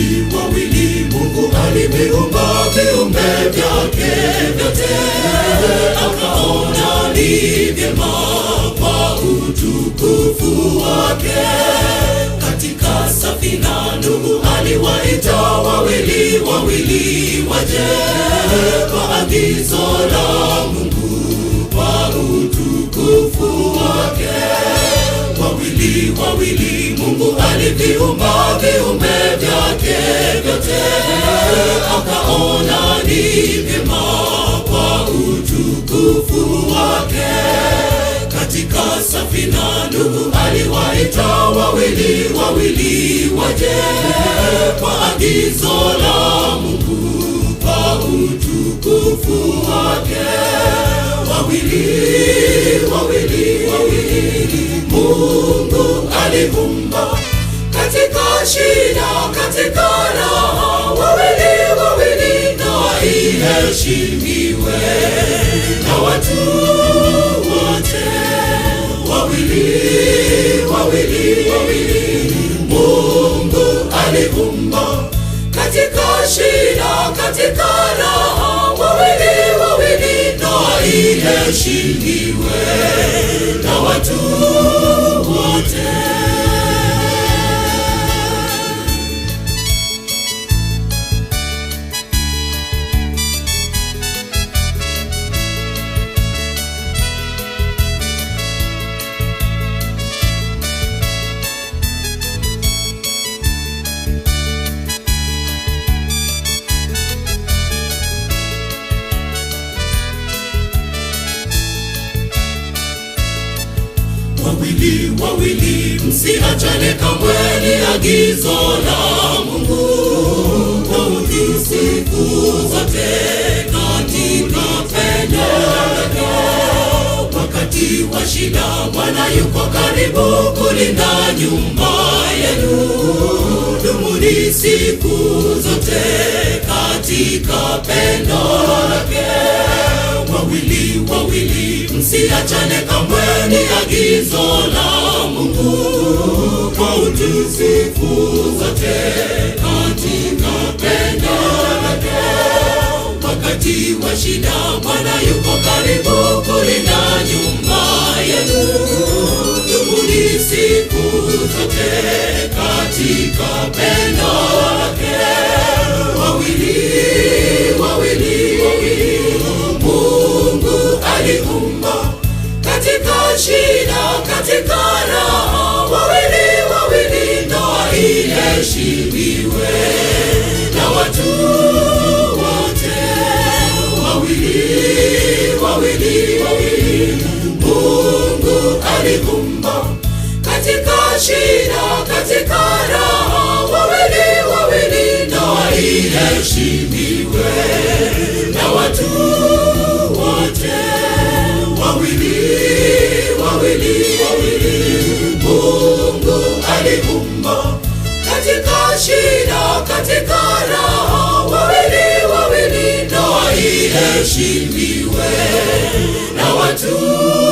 wawili wawili mungu aliviumba viumbe vyake vyote akaona ni vyema kwa utukufu wake katika safina nuhu aliwaita wawili wawili waje kwa agizo la mungu kwa utukufu wake wawili wawili mungu aliviumba wake katika safina. Ndugu aliwaita wawili wawili waje kwa agizo la Mungu kwa utukufu wake. Wawili wawili wawili, Mungu aliumba katika shida, katika raha wawili wawili wawili Mungu aliumba katika shida, katika raha, wawili wawili, na ikeshindiwe na watu wawili wawili, msiachane kamwe, ni agizo la Mungu kwa kauti siku zote katika penyewe. Wakati wa shida, Bwana yuko karibu kulinda nyumba yenu. Dumuni siku zote katika pendo lake, wawili wawili, msiachane kamwe agizo la Mungu kwa utukufu zote katika pendo lake. Wakati wa shida, Bwana yuko karibu kulinda nyumba katika shida, katika raha, wawili wawili na waheshimiwe na watu wote, wawili wawili wawili. Mungu aliumba katika shida, katika raha, wawili wawili na waheshimiwe na watu wote.